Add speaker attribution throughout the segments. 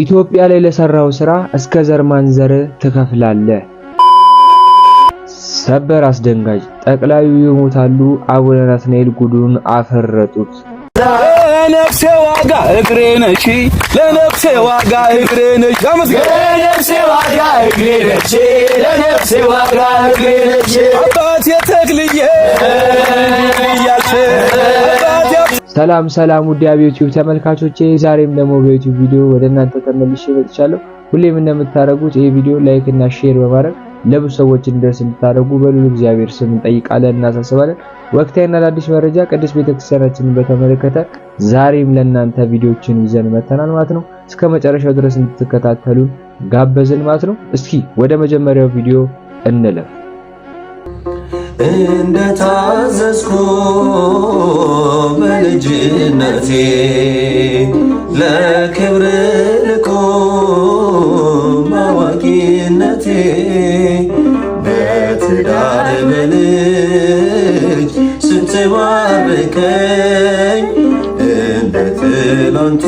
Speaker 1: ኢትዮጵያ ላይ ለሰራው ስራ እስከ ዘር ማንዘር ትከፍላለህ። ሰበር አስደንጋጭ! ጠቅላዩ ይሞታሉ። አቡነ ናትናኤል ጉዱን አፈረጡት።
Speaker 2: ለነፍሴ ዋጋ እግሬ ነች ለነፍሴ ዋጋ እግሬ ነሽ፣ ለነፍሴ ዋጋ እግሬ ነሽ፣ ለነፍሴ ዋጋ እግሬ ነሽ አባት የተክልዬ እያልሽ
Speaker 1: ሰላም ሰላም ውድ የዩቲዩብ ተመልካቾቼ፣ ዛሬም ደግሞ በዩቲዩብ ቪዲዮ ወደ እናንተ ተመልሼ መጥቻለሁ። ሁሌም እንደምታደርጉት ይሄ ቪዲዮ ላይክ እና ሼር በማድረግ ለብዙ ሰዎች እንዲደርስ እንድታደርጉ በልዑል እግዚአብሔር ስም እንጠይቃለን እናሳስባለን። ወቅታዊና አዳዲስ መረጃ ቅድስት ቤተክርስቲያናችንን በተመለከተ ዛሬም ለእናንተ ቪዲዮችን ይዘን መተናል ማለት ነው። እስከ መጨረሻው ድረስ እንድትከታተሉን ጋበዝን ማለት ነው። እስኪ ወደ መጀመሪያው ቪዲዮ እንለፍ። እንደ ታዘዝኩ በልጅነቴ ለክብር ልቆ ማዋቂነቴ በትዳር በልጅ ስትባርከኝ እንደ ትላንቱ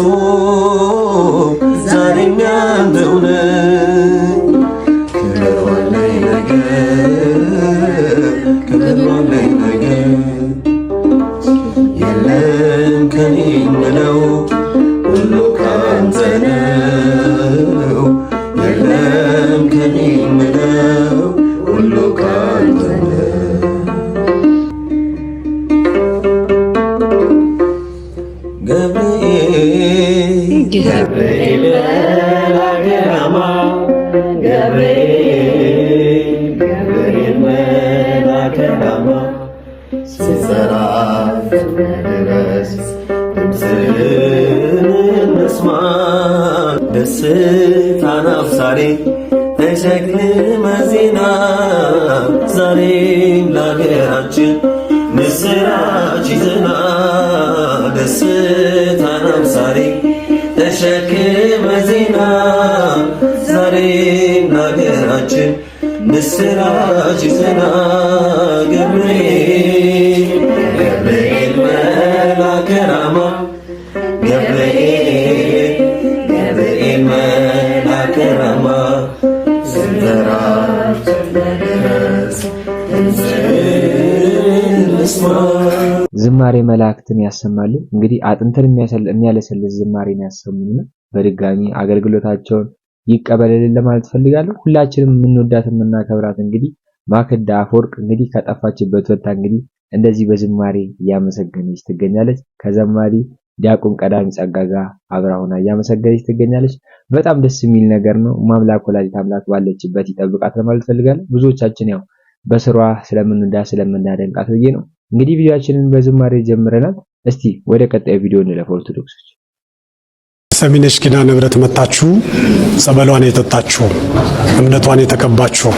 Speaker 1: ደስታን አብሳሪ ተሸክመ ዜና ዛሬም ለሀገራችን ምስራች ይዘና ደስታን አብሳሪ ተሸክመ ዜና ዛሬም ለሀገራችን ምስራች ይዘና ገብርኤል ገብርኤል ራማ ገብርኤል ገብርኤል ራማ ምስማ ዝማሬ መላእክትን ያሰማልን። እንግዲህ አጥንትን የሚያለሰልስ ዝማሬን ያሰሙንና በድጋሚ አገልግሎታቸውን ይቀበልልን ለማለት ፈልጋለሁ። ሁላችንም የምንወዳት የምናከብራት እንግዲህ ማክዳ አፈወርቅ እንግዲህ ከጠፋችበት ወጥታ እንግዲህ እንደዚህ በዝማሬ እያመሰገነች ትገኛለች። ከዘማሪ ዲያቆን ቀዳሚ ጸጋ ጋር አብራ ሆና እያመሰገነች ትገኛለች። በጣም ደስ የሚል ነገር ነው። ማምላክ ወላዲት አምላክ ባለችበት ይጠብቃት ለማለት ፈልጋለሁ። ብዙዎቻችን ያው በስሯ ስለምንዳ ስለምናደንቃት ብዬ ነው። እንግዲህ ቪዲዮአችንን በዝማሬ ጀምረናል። እስቲ ወደ ቀጣይ ቪዲዮ እንለፍ። ኦርቶዶክሶች
Speaker 3: ሰሚነሽ ኪዳ ንብረት መታችሁ፣ ጸበሏን የጠጣችሁ፣ እምነቷን የተቀባችሁ፣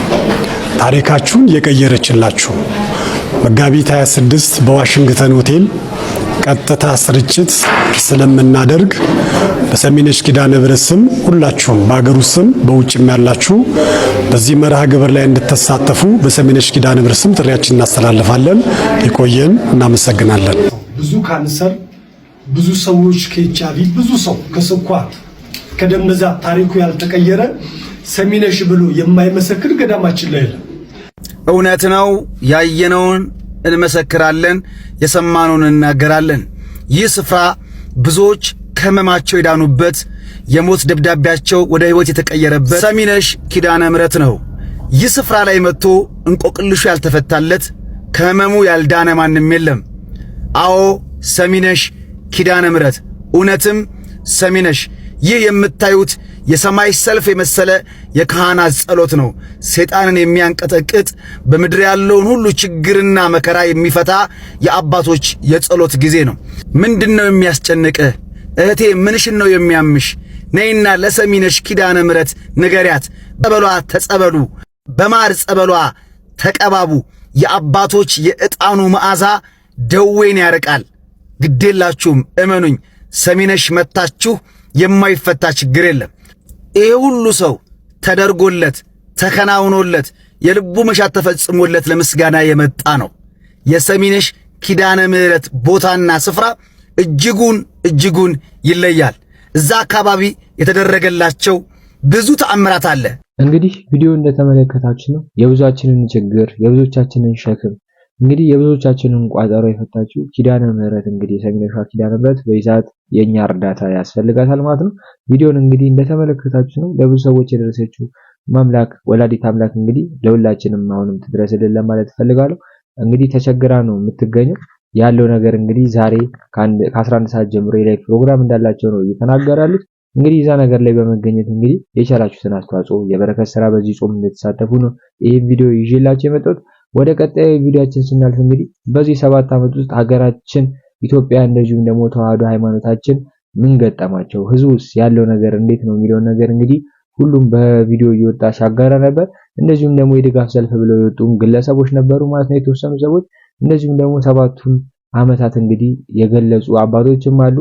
Speaker 3: ታሪካችሁን የቀየረችላችሁ መጋቢት 26 በዋሽንግተን ሆቴል ቀጥታ ስርጭት ስለምናደርግ በሰሚነሽ ኪዳ ንብረት ስም ሁላችሁም በአገሩ ስም በውጭም ያላችሁ በዚህ መርሃ ግብር ላይ እንድትሳተፉ በሰሚነሽ ኪዳነ ምህረት ስም ጥሪያችን እናስተላልፋለን። ይቆየን። እናመሰግናለን።
Speaker 4: ብዙ ካንሰር፣ ብዙ ሰዎች ከኤች አይ ብዙ ሰው ከስኳር ከደም ብዛት ታሪኩ ያልተቀየረ ሰሚነሽ ብሎ የማይመሰክር ገዳማችን ላይ የለም።
Speaker 5: እውነት ነው። ያየነውን እንመሰክራለን፣ የሰማነውን እናገራለን። ይህ ስፍራ ብዙዎች ከህመማቸው የዳኑበት የሞት ደብዳቤያቸው ወደ ሕይወት የተቀየረበት ሰሚነሽ ኪዳነ ምረት ነው። ይህ ስፍራ ላይ መጥቶ እንቆቅልሹ ያልተፈታለት ከህመሙ ያልዳነ ማንም የለም። አዎ ሰሚነሽ ኪዳነ ምረት እውነትም ሰሚነሽ። ይህ የምታዩት የሰማይ ሰልፍ የመሰለ የካህናት ጸሎት ነው። ሰይጣንን የሚያንቀጠቅጥ በምድር ያለውን ሁሉ ችግርና መከራ የሚፈታ የአባቶች የጸሎት ጊዜ ነው። ምንድን ነው የሚያስጨንቅህ? እህቴ ምንሽን ነው የሚያምሽ? ነይና ለሰሚነሽ ኪዳነ ምረት ንገሪያት። ጸበሏ ተጸበሉ፣ በማር ጸበሏ ተቀባቡ። የአባቶች የዕጣኑ መዓዛ ደዌን ያርቃል። ግዴላችሁም፣ እመኑኝ። ሰሚነሽ መታችሁ የማይፈታ ችግር የለም። ይሄ ሁሉ ሰው ተደርጎለት ተከናውኖለት የልቡ መሻት ተፈጽሞለት ለምስጋና የመጣ ነው። የሰሚነሽ ኪዳነ ምሕረት ቦታና ስፍራ እጅጉን እጅጉን ይለያል። እዛ አካባቢ የተደረገላቸው ብዙ ተአምራት አለ።
Speaker 1: እንግዲህ ቪዲዮ እንደተመለከታችሁ ነው የብዙዎቻችንን ችግር የብዙዎቻችንን ሸክም እንግዲህ የብዙዎቻችንን ቋጠሮ የፈታችው ኪዳነ ምረት እንግዲህ ሰሚነሿ ኪዳነ ምህረት በይዛት የእኛ እርዳታ ያስፈልጋታል ማለት ነው። ቪዲዮን እንግዲህ እንደተመለከታችሁ ነው ለብዙ ሰዎች የደረሰችው ማምላክ ወላዲት አምላክ እንግዲህ ለሁላችንም አሁንም ትድረስልን ለማለት እፈልጋለሁ። እንግዲህ ተቸግራ ነው የምትገኘው። ያለው ነገር እንግዲህ ዛሬ ከ11 ሰዓት ጀምሮ የላይ ፕሮግራም እንዳላቸው ነው እየተናገሩ ያሉት። እንግዲህ እዛ ነገር ላይ በመገኘት እንግዲህ የቻላችሁትን አስተዋጽኦ የበረከት ስራ በዚህ ጾም እንደተሳተፉ ነው ይህ ቪዲዮ ይዤላቸው የመጣሁት። ወደ ቀጣይ ቪዲዮአችን ስናልፍ እንግዲህ በዚህ ሰባት ዓመት ውስጥ ሀገራችን ኢትዮጵያ እንደዚሁም ደግሞ ተዋህዶ ሃይማኖታችን ምን ገጠማቸው፣ ህዝቡስ ያለው ነገር እንዴት ነው የሚለውን ነገር እንግዲህ ሁሉም በቪዲዮ እየወጣ ሲያጋራ ነበር። እንደዚሁም ደግሞ የድጋፍ ሰልፍ ብለው የወጡ ግለሰቦች ነበሩ ማለት ነው የተወሰኑ ሰዎች እንደዚሁም ደግሞ ሰባቱን ዓመታት እንግዲህ የገለጹ አባቶችም አሉ።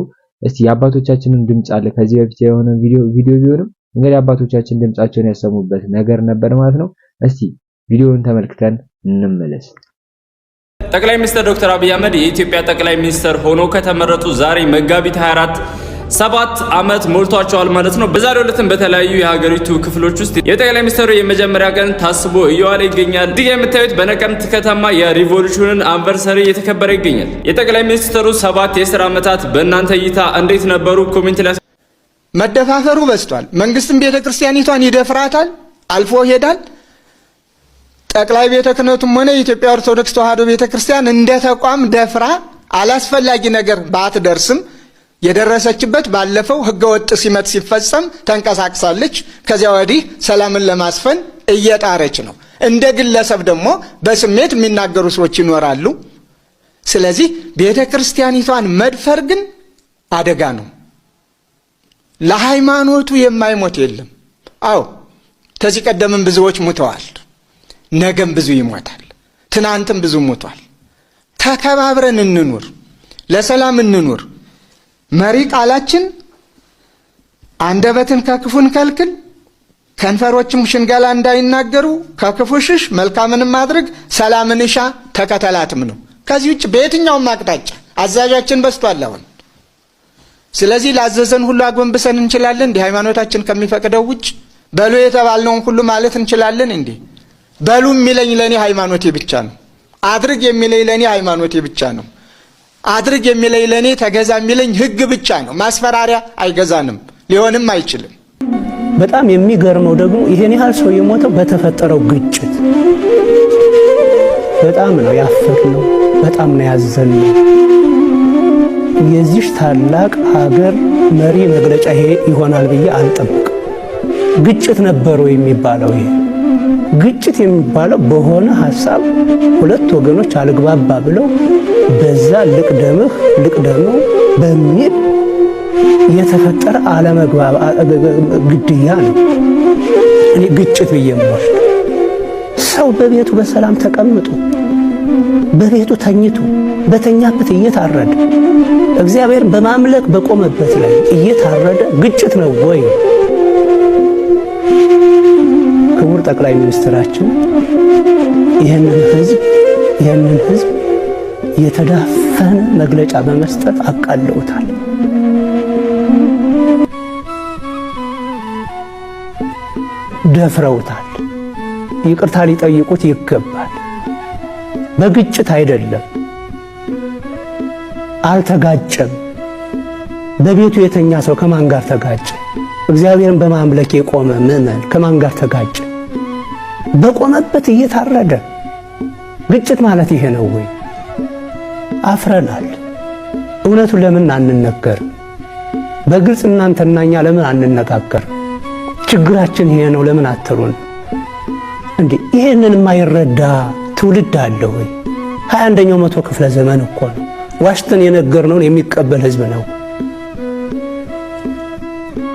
Speaker 1: እስቲ የአባቶቻችንን ድምጽ አለ ከዚህ በፊት የሆነ ቪዲዮ ቢሆንም እንግዲህ አባቶቻችን ድምፃቸውን ያሰሙበት ነገር ነበር ማለት ነው። እስቲ ቪዲዮውን ተመልክተን እንመለስ።
Speaker 6: ጠቅላይ ሚኒስትር ዶክተር አብይ አህመድ የኢትዮጵያ ጠቅላይ ሚኒስትር ሆኖ ከተመረጡ ዛሬ መጋቢት 24 ሰባት አመት ሞልቷቸዋል ማለት ነው። በዛሬው ዕለትም በተለያዩ የሀገሪቱ ክፍሎች ውስጥ የጠቅላይ ሚኒስትሩ የመጀመሪያ ቀን ታስቦ እየዋለ ይገኛል። እዚህ የምታዩት በነቀምት ከተማ የሪቮሉሽንን አንቨርሰሪ እየተከበረ ይገኛል። የጠቅላይ ሚኒስትሩ ሰባት የስራ ዓመታት በእናንተ እይታ እንዴት ነበሩ? ኮሜንት ላይ
Speaker 7: መደፋፈሩ በዝቷል። መንግስትም ቤተ ክርስቲያኒቷን ይደፍራታል፣ አልፎ ሄዳል። ጠቅላይ ቤተ ክህነቱም ሆነ የኢትዮጵያ ኦርቶዶክስ ተዋሕዶ ቤተ ክርስቲያን እንደ ተቋም ደፍራ አላስፈላጊ ነገር ባትደርስም የደረሰችበት ባለፈው ህገወጥ ሲመት ሲፈጸም ተንቀሳቅሳለች። ከዚያ ወዲህ ሰላምን ለማስፈን እየጣረች ነው። እንደ ግለሰብ ደግሞ በስሜት የሚናገሩ ሰዎች ይኖራሉ። ስለዚህ ቤተ ክርስቲያኒቷን መድፈር ግን አደጋ ነው። ለሃይማኖቱ የማይሞት የለም። አዎ ከዚህ ቀደምም ብዙዎች ሙተዋል። ነገም ብዙ ይሞታል። ትናንትም ብዙ ሙቷል። ተከባብረን እንኑር፣ ለሰላም እንኑር። መሪ ቃላችን አንደበትን ከክፉን ከልክል ከንፈሮችም ሽንገላ እንዳይናገሩ፣ ከክፉ ሽሽ፣ መልካምንም ማድረግ፣ ሰላምን እሻ፣ ተከተላትም ነው። ከዚህ ውጭ በየትኛውም አቅጣጫ አዛዣችን በስቷል አሁን። ስለዚህ ላዘዘን ሁሉ አጎንብሰን እንችላለን? እንዲህ ሃይማኖታችን ከሚፈቅደው ውጭ በሉ የተባልነውን ሁሉ ማለት እንችላለን? እንዲህ በሉ የሚለኝ ለእኔ ሃይማኖቴ ብቻ ነው። አድርግ የሚለኝ ለእኔ ሃይማኖቴ ብቻ ነው። አድርግ የሚለኝ ለእኔ ተገዛ የሚለኝ ህግ ብቻ ነው። ማስፈራሪያ አይገዛንም፣ ሊሆንም አይችልም።
Speaker 8: በጣም የሚገርመው ደግሞ ይሄን ያህል ሰው የሞተው በተፈጠረው ግጭት በጣም ነው ያፈርነው፣ በጣም ነው ያዘንነው። የዚህ ታላቅ ሀገር መሪ መግለጫ ይሄ ይሆናል ብዬ አልጠብቅም። ግጭት ነበረው የሚባለው ይሄ ግጭት የሚባለው በሆነ ሀሳብ ሁለት ወገኖች አልግባባ ብለው በዛ ልቅ ደምህ ልቅ ደሙ በሚል የተፈጠረ አለመግባብ ግድያ ነው። እኔ ግጭት ብዬ ሰው በቤቱ በሰላም ተቀምጦ በቤቱ ተኝቶ በተኛበት እየታረደ እግዚአብሔርን በማምለክ በቆመበት ላይ እየታረደ ግጭት ነው ወይ? ክቡር ጠቅላይ ሚኒስትራችን ይህንን ህዝብ ይህንን ህዝብ የተዳፈነ መግለጫ በመስጠት አቃለውታል። ደፍረውታል። ይቅርታ ሊጠይቁት ይገባል። በግጭት አይደለም፣ አልተጋጨም። በቤቱ የተኛ ሰው ከማን ጋር ተጋጨ? እግዚአብሔርን በማምለክ የቆመ ምዕመን ከማን ጋር ተጋጨ? በቆመበት እየታረደ ግጭት ማለት ይሄ ነው ወይ? አፍረናል። እውነቱ ለምን አንነገር? በግልጽ እናንተና እኛ ለምን አንነጋገር? ችግራችን ይሄ ነው ለምን አትሉን? እንዴ ይሄንን የማይረዳ ትውልድ አለ ወይ? ሀያ አንደኛው መቶ ክፍለ ዘመን እኮ ነው። ዋሽተን የነገርነውን የሚቀበል ህዝብ ነው።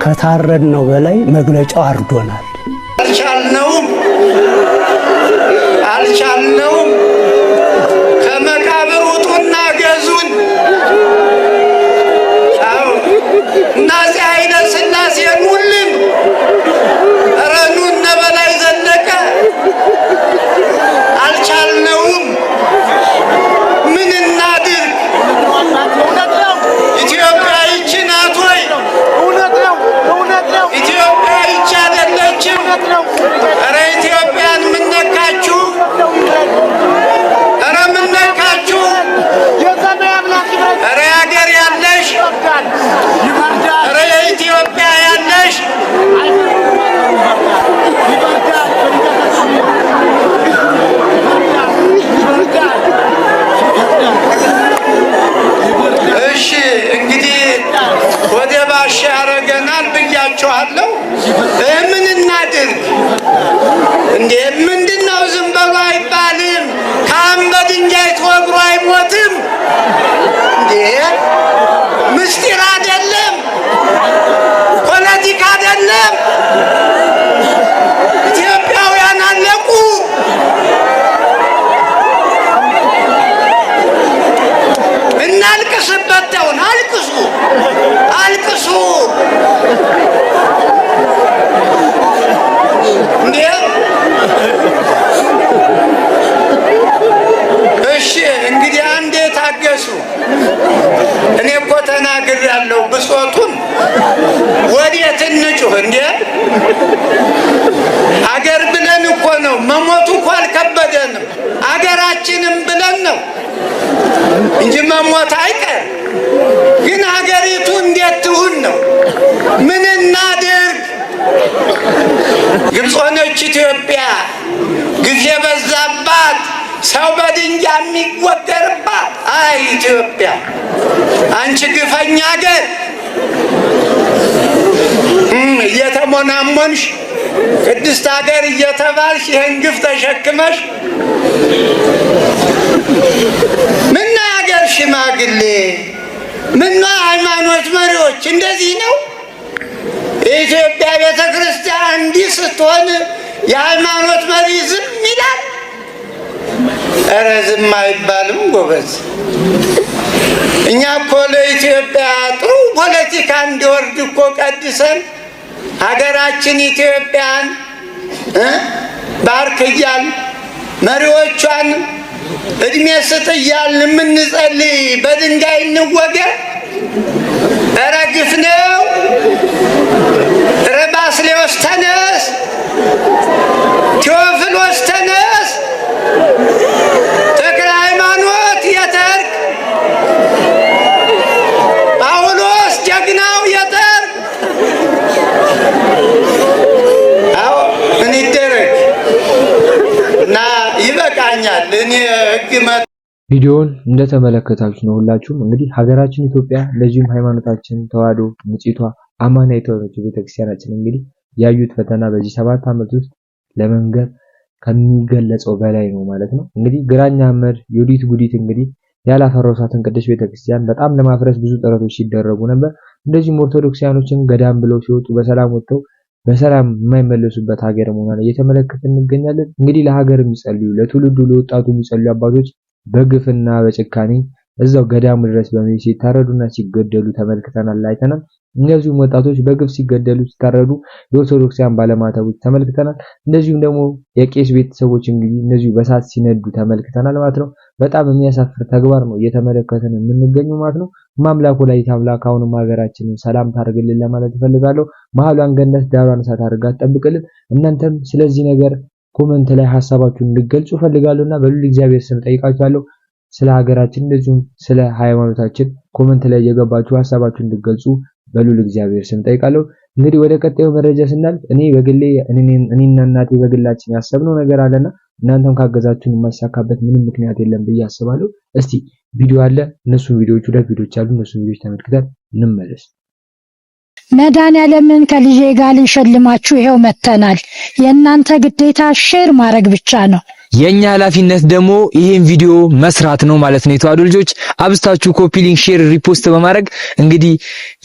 Speaker 8: ከታረድነው በላይ መግለጫው አርዶናል።
Speaker 9: አልቻልነውም አልቻልነውም আরে ምስጢር አይደለም፣ ፖለቲካ አይደለም። ኢትዮጵያውያን አለቁ። እናልቅስበት ተውን። አልቅሱ፣ አልቅሱ። እሺ፣ እንግዲህ አንዴ ታገሱ። እኔ እኮ ሁላችንም ብለን ነው እንጂ መሞት አይቀር። ግን ሀገሪቱ እንዴት ትሁን ነው? ምን እናድርግ? ግብፅ ሆነች ኢትዮጵያ ጊዜ በዛባት፣ ሰው በድንጃ የሚጎደርባት አይ ኢትዮጵያ አንቺ ግፈኛ ሀገር እየተሞናሞንሽ ቅድስት ሀገር እየተባልሽ ይህን ግፍ ተሸክመሽ ምና ሀገር ሽማግሌ ምና ሃይማኖት መሪዎች እንደዚህ ነው። የኢትዮጵያ ቤተ ክርስቲያን እንዲህ ስትሆን የሃይማኖት መሪ ዝም ይላል? እረ ዝም አይባልም ጎበዝ። እኛ እኮ ለኢትዮጵያ ጥሩ ፖለቲካ እንዲወርድ እኮ ቀድሰን ሀገራችን ኢትዮጵያን ባርክ እያል መሪዎቿን እድሜ ስጥ እያል የምንጸልይ በድንጋይ እንወገ ረግፍ ነው። ይገባኛል። እኔ ህግ
Speaker 1: ቪዲዮውን እንደተመለከታችሁ ነው ሁላችሁም እንግዲህ ሀገራችን ኢትዮጵያ እንደዚሁም ሃይማኖታችን ተዋህዶ ንጽቷ አማና የተወለችው ቤተክርስቲያናችን እንግዲህ ያዩት ፈተና በዚህ ሰባት ዓመት ውስጥ ለመንገር ከሚገለጸው በላይ ነው ማለት ነው። እንግዲህ ግራኝ አመድ ዮዲት ጉዲት እንግዲህ ያላፈረሷትን ቅድስት ቤተክርስቲያን በጣም ለማፍረስ ብዙ ጥረቶች ሲደረጉ ነበር። እንደዚሁም ኦርቶዶክሲያኖችን ገዳም ብለው ሲወጡ በሰላም ወጥተው በሰላም የማይመለሱበት ሀገር መሆኗን እየተመለከተ እንገኛለን። እንግዲህ ለሀገር የሚጸልዩ ለትውልዱ ለወጣቱ የሚጸልዩ አባቶች በግፍና በጭካኔ እዛው ገዳሙ ድረስ በመሄድ ሲታረዱና ሲገደሉ ተመልክተናል፣ አይተናል። እነዚሁም ወጣቶች በግፍ ሲገደሉ ሲታረዱ የኦርቶዶክሳውያን ባለማተቦች ተመልክተናል። እንደዚሁም ደግሞ የቄስ ቤተሰቦች እንግዲህ እነዚሁ በሳት ሲነዱ ተመልክተናል ማለት ነው። በጣም የሚያሳፍር ተግባር ነው እየተመለከተን የምንገኘው ማለት ነው። ማምላኩ ላይ ታምላክ አሁንም ሀገራችንን ሰላም ታርግልን ለማለት እፈልጋለሁ። መሀሏን ገነት ዳሯን እሳት አድርጋ ትጠብቅልን። እናንተም ስለዚህ ነገር ኮመንት ላይ ሀሳባችሁን እንድገልጹ እፈልጋለሁ እና በሉል እግዚአብሔር ስም ጠይቃችኋለሁ። ስለ ሀገራችን እንደዚሁም ስለ ሃይማኖታችን ኮመንት ላይ የገባችሁ ሀሳባችሁን እንድገልጹ በሉል እግዚአብሔር ስም ጠይቃለሁ። እንግዲህ ወደ ቀጣዩ መረጃ ስናልፍ እኔ በግሌ እኔና እናቴ በግላችን ያሰብነው ነገር አለና እናንተም ካገዛችሁን የማይሳካበት ምንም ምክንያት የለም ብዬ አስባለሁ። እስቲ ቪዲዮ አለ፣ እነሱን ቪዲዮዎች ሁለት ቪዲዮዎች አሉ፣ እነሱን ቪዲዮዎች ተመልክተን እንመለስ።
Speaker 10: መድኃኒዓለምን ከልጄ ጋር ልንሸልማችሁ ይኸው መጥተናል። የእናንተ ግዴታ ሼር ማድረግ ብቻ ነው።
Speaker 11: የኛ ኃላፊነት ደግሞ ይሄን ቪዲዮ መስራት ነው ማለት ነው። የተዋሕዶ ልጆች አብስታችሁ ኮፒ ሊንክ፣ ሼር፣ ሪፖስት በማድረግ እንግዲህ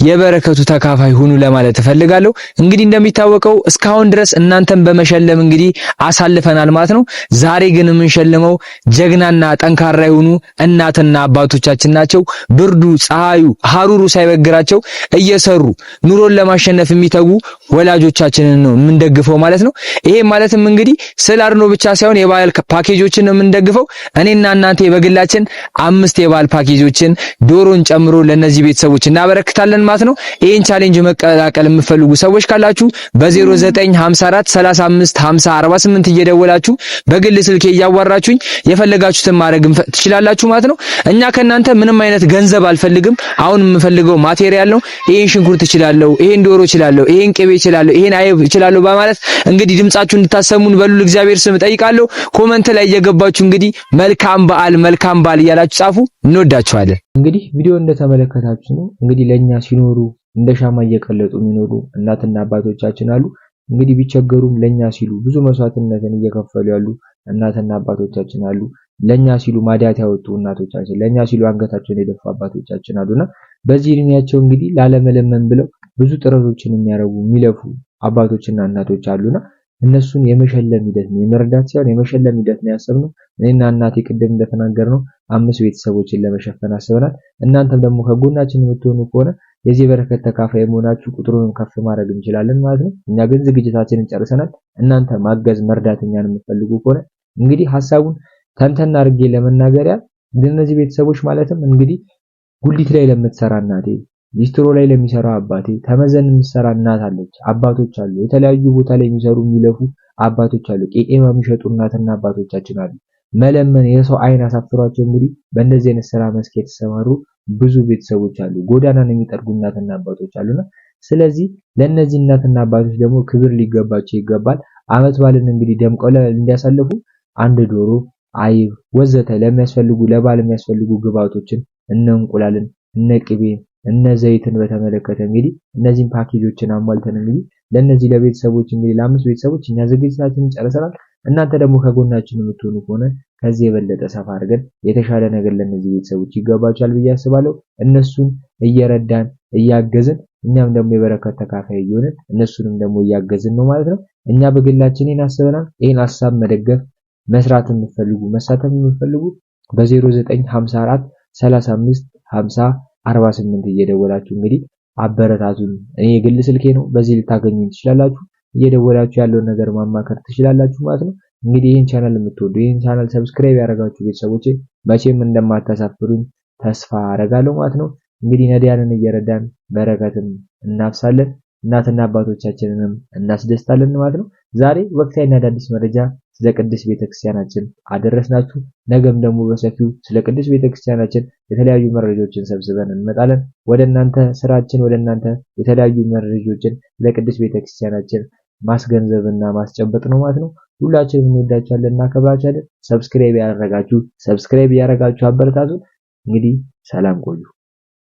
Speaker 11: የበረከቱ ተካፋይ ሁኑ ለማለት እፈልጋለሁ። እንግዲህ እንደሚታወቀው እስካሁን ድረስ እናንተን በመሸለም እንግዲህ አሳልፈናል ማለት ነው። ዛሬ ግን የምንሸልመው ጀግናና ጠንካራ የሆኑ እናትና አባቶቻችን ናቸው። ብርዱ፣ ፀሐዩ፣ ሀሩሩ ሳይበግራቸው እየሰሩ ኑሮን ለማሸነፍ የሚተጉ ወላጆቻችንን ነው የምንደግፈው ማለት ነው። ይሄ ማለትም እንግዲህ ስለ አድኖ ብቻ ሳይሆን የባህል ፓኬጆችን ነው የምንደግፈው። እኔና እናንተ በግላችን አምስት የባል ፓኬጆችን ዶሮን ጨምሮ ለነዚህ ቤተሰቦች እናበረክታለን ማለት ነው። ይህን ቻሌንጅ መቀላቀል የምትፈልጉ ሰዎች ካላችሁ በ0954 35 እየደወላችሁ በግል ስልኬ እያዋራችሁኝ የፈለጋችሁትን ማድረግ ትችላላችሁ ማለት ነው። እኛ ከእናንተ ምንም አይነት ገንዘብ አልፈልግም። አሁን የምፈልገው ማቴሪያል ነው። ይሄን ሽንኩርት እችላለሁ፣ ይሄን ዶሮ እችላለሁ፣ ይሄን ቅቤ እችላለሁ፣ ይሄን አይብ እችላለሁ በማለት እንግዲህ ድምጻችሁ እንድታሰሙን በሉል እግዚአብሔር ስም እጠይቃለሁ። ኮመንት ላይ እየገባችሁ እንግዲህ መልካም በዓል መልካም በዓል እያላችሁ ጻፉ። እንወዳችኋለን።
Speaker 1: እንግዲህ ቪዲዮ እንደተመለከታችሁ ነው። እንግዲህ ለኛ ሲኖሩ እንደ ሻማ እየቀለጡ የሚኖሩ እናትና አባቶቻችን አሉ። እንግዲህ ቢቸገሩም ለኛ ሲሉ ብዙ መስዋዕትነትን እየከፈሉ ያሉ እናትና አባቶቻችን አሉ። ለኛ ሲሉ ማዳት ያወጡ እናቶቻችን፣ ለኛ ሲሉ አንገታቸውን የደፉ አባቶቻችን አሉና በዚህ እድሜያቸው እንግዲህ ላለመለመን ብለው ብዙ ጥረቶችን የሚያደርጉ የሚለፉ አባቶችና እናቶች አሉና እነሱን የመሸለም ሂደት ነው። የመረዳት ሳይሆን የመሸለም ሂደት ነው ያሰብነው። እኔና እናቴ ቅድም እንደተናገርነው አምስት ቤተሰቦችን ለመሸፈን አስበናል። እናንተም ደግሞ ከጎናችን የምትሆኑ ከሆነ የዚህ በረከት ተካፋይ መሆናችሁ ቁጥሩንም ከፍ ማድረግ እንችላለን ማለት ነው። እኛ ግን ዝግጅታችንን ጨርሰናል። እናንተ ማገዝ መርዳት እኛን የምትፈልጉ ከሆነ እንግዲህ ሀሳቡን ተንተና አድርጌ ለመናገር ያህል እነዚህ ቤተሰቦች ማለትም እንግዲህ ጉሊት ላይ ለምትሰራ እናቴ ሊስትሮ ላይ ለሚሰራ አባቴ፣ ተመዘን የምትሰራ እናት አለች፣ አባቶች አሉ፣ የተለያዩ ቦታ ላይ የሚሰሩ የሚለፉ አባቶች አሉ፣ ቄቄማ የሚሸጡ እናትና አባቶቻችን አሉ። መለመን የሰው አይን አሳፍሯቸው እንግዲህ በእንደዚህ አይነት ስራ መስክ የተሰማሩ ብዙ ቤተሰቦች አሉ። ጎዳናን የሚጠርጉ እናትና አባቶች አሉና ስለዚህ ለእነዚህ እናትና አባቶች ደግሞ ክብር ሊገባቸው ይገባል። አመት ባልን እንግዲህ ደምቀው እንዲያሳልፉ አንድ ዶሮ፣ አይብ፣ ወዘተ ለሚያስፈልጉ ለባል የሚያስፈልጉ ግብዓቶችን እነ እንቁላልን እነ ቅቤን እነ ዘይትን በተመለከተ እንግዲህ እነዚህን ፓኬጆችን አሟልተን እንግዲህ ለእነዚህ ለቤተሰቦች እንግዲህ ለአምስት ቤተሰቦች እኛ ዝግጅታችንን ጨርሰናል። እናንተ ደግሞ ከጎናችን የምትሆኑ ከሆነ ከዚህ የበለጠ ሰፋ አድርገን የተሻለ ነገር ለእነዚህ ቤተሰቦች ይገባቸዋል ብዬ አስባለሁ። እነሱን እየረዳን እያገዝን እኛም ደግሞ የበረከት ተካፋይ እየሆንን እነሱንም ደግሞ እያገዝን ነው ማለት ነው። እኛ በግላችን ይህን አስበናል። ይህን ሀሳብ መደገፍ መስራት የምትፈልጉ መሳተፍ የምትፈልጉ በ0954 35 50 አርባ ስምንት እየደወላችሁ እንግዲህ አበረታቱን። እኔ የግል ስልኬ ነው፣ በዚህ ልታገኙኝ ትችላላችሁ። እየደወላችሁ ያለውን ነገር ማማከር ትችላላችሁ ማለት ነው። እንግዲህ ይህን ቻናል የምትወዱ ይህን ቻናል ሰብስክራይብ ያደረጋችሁ ቤተሰቦቼ መቼም እንደማታሳፍሩኝ ተስፋ አደርጋለሁ ማለት ነው። እንግዲህ ነዳያንን እየረዳን በረከትን እናፍሳለን እናትና አባቶቻችንንም እናስደስታለን ማለት ነው። ዛሬ ወቅታዊና አዳዲስ መረጃ ስለ ቅድስት ቤተክርስቲያናችን አደረስናችሁ። ነገም ደግሞ በሰፊው ስለ ቅድስት ቤተክርስቲያናችን የተለያዩ መረጃዎችን ሰብስበን እንመጣለን። ወደ እናንተ ስራችን፣ ወደ እናንተ የተለያዩ መረጃዎችን ስለ ቅድስት ቤተክርስቲያናችን ማስገንዘብና ማስጨበጥ ነው ማለት ነው። ሁላችንም እንወዳችኋለን፣ እናከብራችኋለን። ሰብስክራይብ ያደረጋችሁ ሰብስክራይብ ያደረጋችሁ አበረታቱን። እንግዲህ ሰላም ቆዩ።